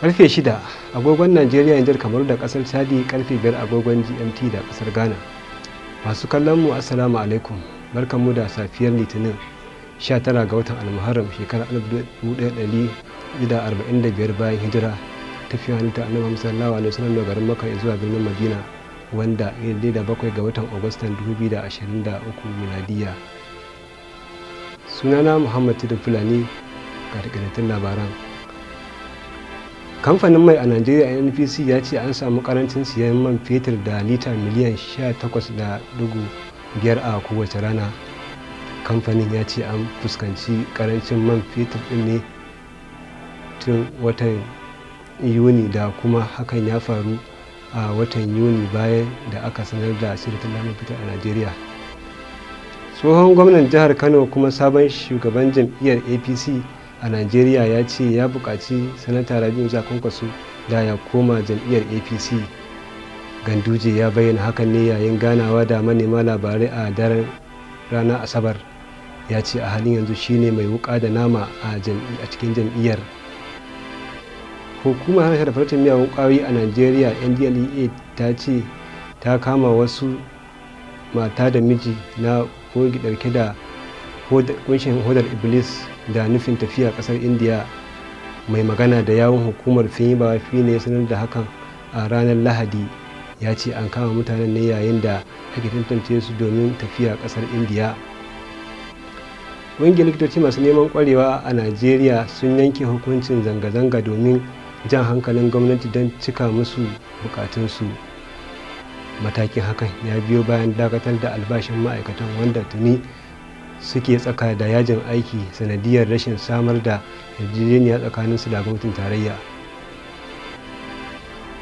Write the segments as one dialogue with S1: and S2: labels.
S1: karfe shida agogon najeriya yanzu kamar da kasar chadi karfe biyar agogon gmt da kasar ghana masu kallon mu assalamu alaikum barkanmu da safiyar litinin 19 ga watan almuharram shekarar 1445 bayan hijira tafiya ta annabi musallawa ne sunan dogarin garin yanzu zuwa birnin madina wanda daidai da bakwai ga watan agustan 2023 miladiya sunana muhammad tudun fulani ga takaitattun labaran kamfanin mai a najeriya npc ya ce an samu karancin siyan man fetur da lita miliyan 18.5 a kowace rana kamfanin ya ce an fuskanci karancin man fetur din ne tun watan yuni da kuma hakan ya faru a watan yuni bayan da aka sanar da shirin man fetur a najeriya tsohon gwamnan jihar kano kuma sabon shugaban jam'iyyar apc a najeriya ya ce ya buƙaci sanata rabiu kwankwaso da ya koma jam'iyyar apc ganduje ya bayyana hakan ne yayin ganawa da manema labarai a daren ranar asabar ya ce a halin yanzu shine mai wuka da nama a cikin jam'iyyar hukumar hana da farcen miyagun kwayoyi a najeriya ndlea ta ce ta kama wasu mata da miji na kogi dauke da kunshin hodar iblis da nufin tafiya kasar indiya mai magana da yawon hukumar finyibawa fi ne sanar da hakan a ranar lahadi ya ce an kama mutanen ne yayin da ake tantance su domin tafiya kasar indiya ƙungiyar likitoci masu neman kwarewa a najeriya sun yanke hukuncin zanga-zanga domin jan hankalin gwamnati don cika musu bukatunsu matakin hakan ya biyo bayan dakatar da albashin ma'aikatan wanda tuni suke tsaka da yajin aiki sanadiyar rashin samar da yarjejeniya su da gwamnatin tarayya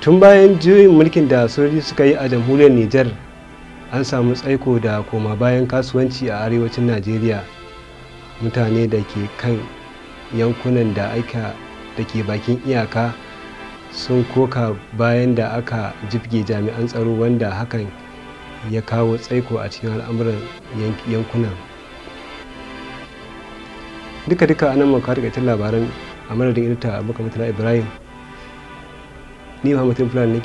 S1: tun bayan juyin mulkin da sojoji suka yi a jamhuriyar niger an samu tsaiko da koma bayan kasuwanci a arewacin najeriya mutane da ke kan yankunan da aika da ke bakin iyaka sun koka bayan da aka jibge jami'an tsaro wanda hakan ya kawo tsaiko a cikin al'amuran yankunan duka duka anan mu ka labaran a madadin edita abubakar mutala ibrahim ni muhammad fulani